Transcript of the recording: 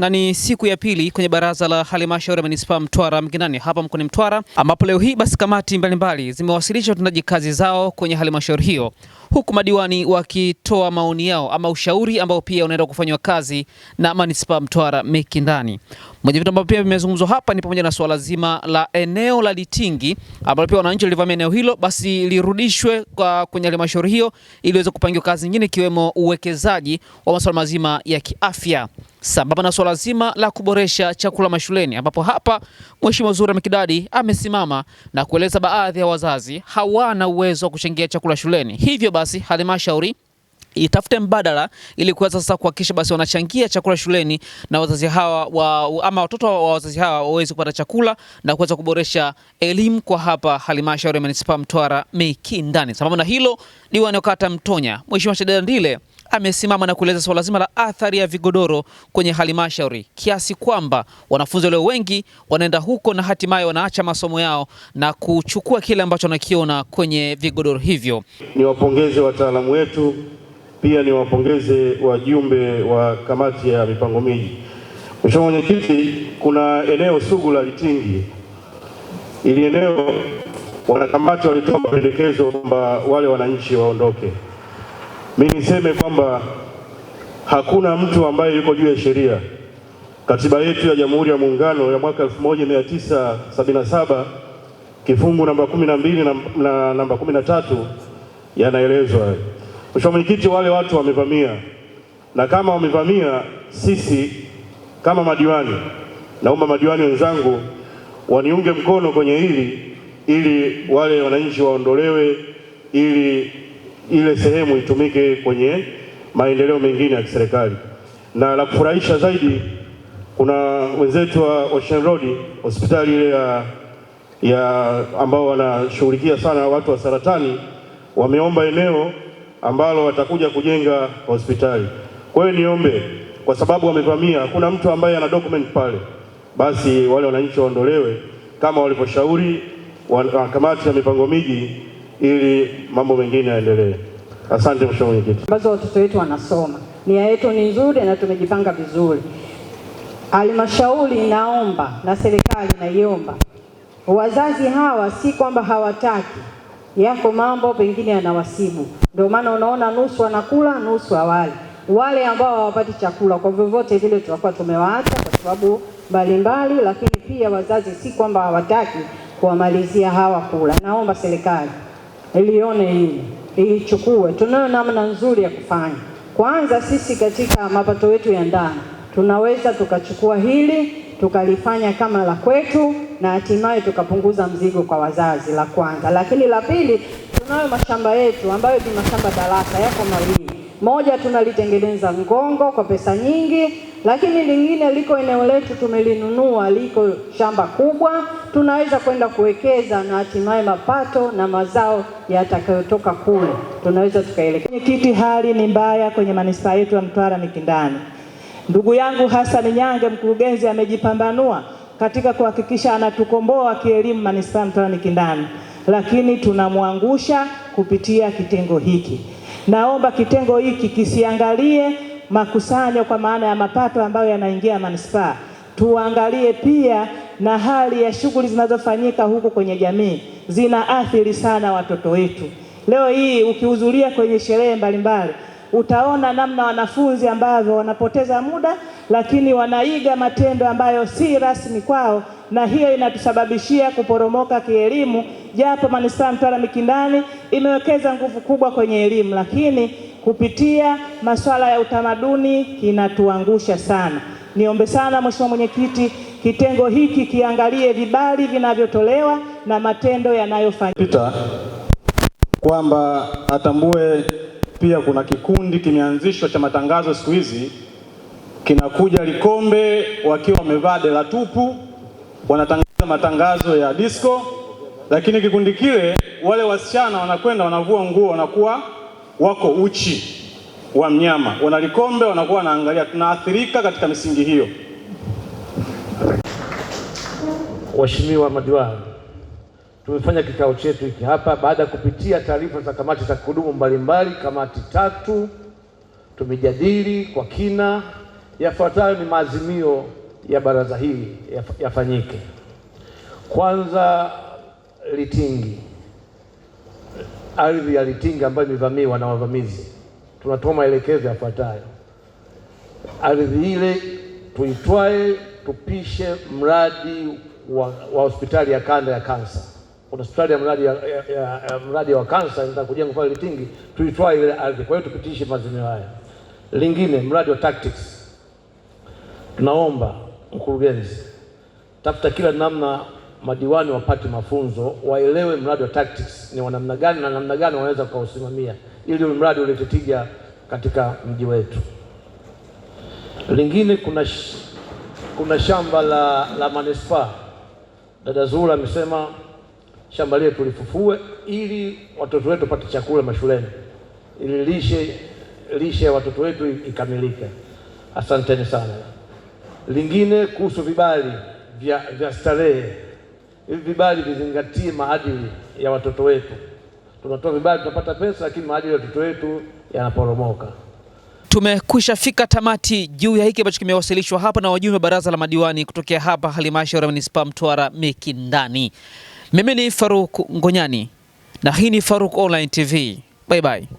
na ni siku ya pili kwenye baraza la halmashauri ya manispaa Mtwara mginani hapa mkoani Mtwara, ambapo leo hii basi kamati mbalimbali zimewasilisha utendaji kazi zao kwenye halmashauri hiyo huku madiwani wakitoa maoni yao ama ushauri ambao pia unaenda kufanywa kazi na manispaa Mtwara Mikindani. Moja vitu ambavyo pia vimezungumzwa hapa ni pamoja na suala zima la eneo la Litingi ambalo pia wananchi walivamia eneo hilo, basi lirudishwe kwa kwenye halmashauri hiyo ili iweze kupangiwa kazi nyingine ikiwemo uwekezaji wa masuala mazima ya kiafya sambamba na suala zima la kuboresha chakula mashuleni, ambapo hapa Mheshimiwa Zura Mikidadi amesimama na kueleza baadhi ya wazazi hawana uwezo wa kuchangia chakula shuleni hivyo basi halmashauri itafute mbadala ili kuweza sasa kuhakikisha basi wanachangia chakula shuleni na wazazi hawa wa, ama watoto wa wazazi hawa waweze kupata chakula na kuweza kuboresha elimu kwa hapa halmashauri ya manispaa Mtwara Mikindani. Sababu na hilo, diwani wa kata Mtonya Mheshimiwa Shadanda Ndile amesimama na kueleza swala zima la athari ya vigodoro kwenye halmashauri kiasi kwamba wanafunzi walio wengi wanaenda huko na hatimaye wanaacha masomo yao na kuchukua kile ambacho wanakiona kwenye vigodoro hivyo. Niwapongeze wataalamu wetu, pia niwapongeze wajumbe wa kamati ya mipango miji. Mheshimiwa Mwenyekiti, kuna eneo sugu la Litingi. Ili eneo wanakamati walitoa mapendekezo kwamba wale wananchi waondoke. Mimi niseme kwamba hakuna mtu ambaye yuko juu ya sheria. Katiba yetu ya Jamhuri ya Muungano ya mwaka 1977 kifungu namba 12 na namba 13 yanaelezwa. Mheshimiwa Mwenyekiti, wale watu wamevamia, na kama wamevamia, sisi kama madiwani, naomba madiwani wenzangu waniunge mkono kwenye hili, ili wale wananchi waondolewe ili ile sehemu itumike kwenye maendeleo mengine ya kiserikali. Na la kufurahisha zaidi, kuna wenzetu wa Ocean Road, hospitali ile ya, ya ambao wanashughulikia sana watu wa saratani, wameomba eneo ambalo watakuja kujenga hospitali. Kwa hiyo niombe, kwa sababu wamevamia, kuna mtu ambaye ana document pale, basi wale wananchi waondolewe kama walivyoshauri kamati ya mipango miji ili mambo mengine yaendelee. Asante mheshimiwa mwenyekiti. Ambazo watoto wetu wanasoma, nia yetu ni nzuri na tumejipanga vizuri. Halmashauri inaomba na serikali inaiomba wazazi hawa, si kwamba hawataki, yako mambo pengine yanawasibu, ndio maana unaona nusu wanakula nusu hawali. Wale ambao hawapati chakula kwa vyovyote vile tutakuwa tumewaacha kwa sababu mbalimbali, lakini pia wazazi si kwamba hawataki kuwamalizia hawa kula. Naomba serikali ilione hili, iichukue. Tunayo namna nzuri ya kufanya. Kwanza sisi katika mapato yetu ya ndani tunaweza tukachukua hili tukalifanya kama la kwetu, na hatimaye tukapunguza mzigo kwa wazazi, la kwanza. Lakini la pili, tunayo mashamba yetu ambayo ni mashamba darasa, yako mawili moja tunalitengeneza Ngongo kwa pesa nyingi, lakini lingine liko eneo letu tumelinunua, liko shamba kubwa, tunaweza kwenda kuwekeza na hatimaye mapato na mazao yatakayotoka kule tunaweza tukaelekea. Mwenyekiti, hali ni mbaya kwenye manispaa yetu ya Mtwara Mikindani. Ndugu yangu Hassan Nyange, mkurugenzi, amejipambanua katika kuhakikisha anatukomboa kielimu manispaa Mtwara Mikindani, lakini tunamwangusha kupitia kitengo hiki. Naomba kitengo hiki kisiangalie makusanyo kwa maana ya mapato ambayo yanaingia manispaa, tuangalie pia na hali ya shughuli zinazofanyika huku kwenye jamii, zinaathiri sana watoto wetu. Leo hii ukihudhuria kwenye sherehe mbalimbali utaona namna wanafunzi ambavyo wanapoteza muda, lakini wanaiga matendo ambayo si rasmi kwao na hiyo inatusababishia kuporomoka kielimu, japo manispaa Mtwara Mikindani imewekeza nguvu kubwa kwenye elimu, lakini kupitia masuala ya utamaduni kinatuangusha sana. Niombe sana Mheshimiwa Mwenyekiti, kitengo hiki kiangalie vibali vinavyotolewa na matendo yanayofanyika, kwamba atambue pia kuna kikundi kimeanzishwa cha matangazo siku hizi kinakuja Likombe wakiwa wamevaa dela tupu wanatangaza matangazo ya disco, lakini kikundi kile, wale wasichana wanakwenda wanavua nguo, wanakuwa wako uchi wa mnyama, wanalikombe, wanakuwa wanaangalia. Tunaathirika katika misingi hiyo. Waheshimiwa madiwani, tumefanya kikao chetu hiki hapa baada ya kupitia taarifa za kamati za kudumu mbalimbali, kamati tatu, tumejadili kwa kina. Yafuatayo ni maazimio ya baraza hili yafanyike. Kwanza, Litingi, ardhi ya Litingi ambayo imevamiwa na wavamizi, tunatoa maelekezo yafuatayo: ardhi ile tuitwae, tupishe mradi wa, wa hospitali ya kanda ya kansa. Kuna hospitali ya mradi ya, ya, ya, ya mradi wa kansa inataka kujenga pale Litingi, tuitwae ile ardhi. Kwa hiyo tupitishe maazimio haya. Lingine, mradi wa tactics tunaomba mkurugenzi, tafuta kila namna madiwani wapate mafunzo, waelewe mradi wa TACTICS ni namna gani na namna gani wanaweza kuusimamia ili mradi ulete tija katika mji wetu. Lingine kuna, sh kuna shamba la, la manispaa. Dada Zura amesema shamba lile tulifufue ili watoto wetu wapate chakula mashuleni ili lishe lishe ya watoto wetu ikamilike. Asanteni sana. Lingine kuhusu vibali vya, vya starehe, hivi vibali vizingatie maadili ya watoto wetu. Tunatoa vibali tunapata pesa, lakini maadili ya watoto wetu yanaporomoka. Tumekwisha fika tamati juu ya hiki ambacho kimewasilishwa hapa na wajumbe wa baraza la madiwani kutokea hapa halmashauri ya manispaa Mtwara Mikindani. Mimi ni Faruk Ngonyani na hii ni Faruk Online TV. Bye bye.